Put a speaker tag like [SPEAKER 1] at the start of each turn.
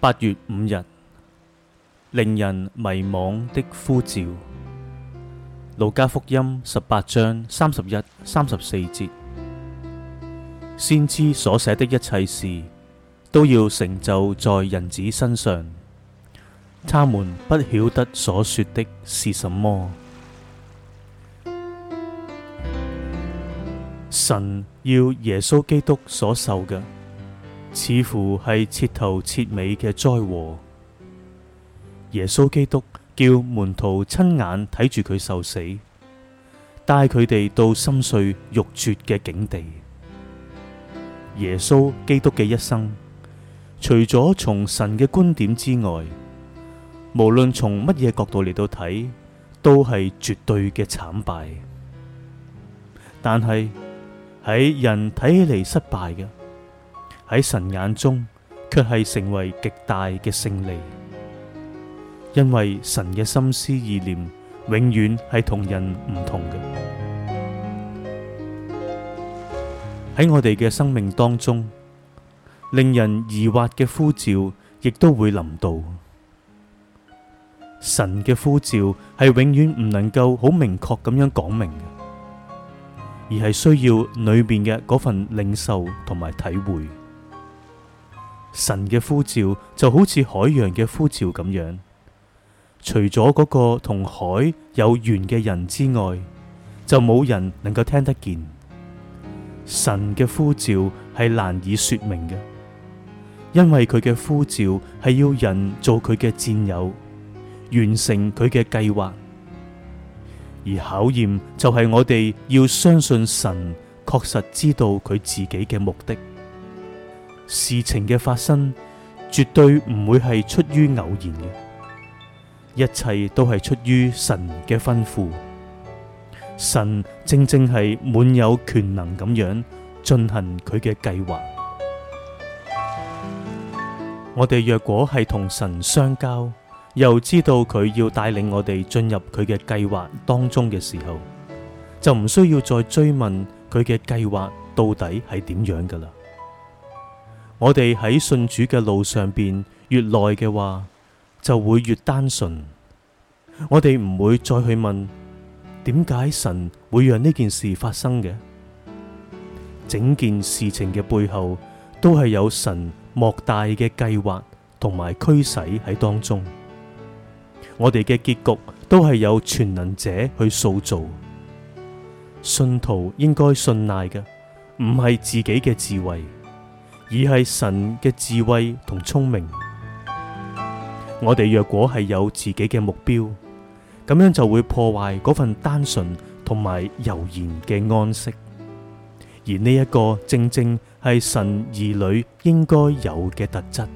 [SPEAKER 1] 八月五日，令人迷惘的呼召。路加福音十八章三十一三十四節，先知所寫的一切事，都要成就在人子身上。他們不曉得所說的是什麼。神要耶穌基督所受嘅。似乎係徹頭徹尾嘅災禍。耶穌基督叫門徒親眼睇住佢受死，帶佢哋到心碎欲絕嘅境地。耶穌基督嘅一生，除咗從神嘅觀點之外，無論從乜嘢角度嚟到睇，都係絕對嘅慘敗。但係喺人睇起嚟失敗嘅。喺神眼中，卻係成為極大嘅勝利，因為神嘅心思意念永遠係同人唔同嘅。喺我哋嘅生命當中，令人疑惑嘅呼召，亦都會臨到。神嘅呼召係永遠唔能夠好明確咁樣講明嘅，而係需要裏面嘅嗰份領受同埋體會。神嘅呼召就好似海洋嘅呼召咁樣，除咗嗰個同海有緣嘅人之外，就冇人能夠聽得見。神嘅呼召係難以說明嘅，因為佢嘅呼召係要人做佢嘅戰友，完成佢嘅計劃。而考驗就係我哋要相信神確實知道佢自己嘅目的。事情嘅發生絕對唔會係出於偶然嘅，一切都係出於神嘅吩咐。神正正係滿有權能咁樣進行佢嘅計劃。我哋若果係同神相交，又知道佢要帶領我哋進入佢嘅計劃當中嘅時候，就唔需要再追問佢嘅計劃到底係點樣㗎喇。我哋喺信主嘅路上邊越耐嘅話，就會越單純。我哋唔會再去問點解神會讓呢件事發生嘅。整件事情嘅背後都係有神莫大嘅計劃同埋驅使喺當中。我哋嘅結局都係有全能者去塑造。信徒應該信賴嘅，唔係自己嘅智慧。而係神嘅智慧同聰明，我哋若果係有自己嘅目標，咁樣就會破壞嗰份單純同埋悠然嘅安息。而呢一個正正係神兒女應該有嘅特質。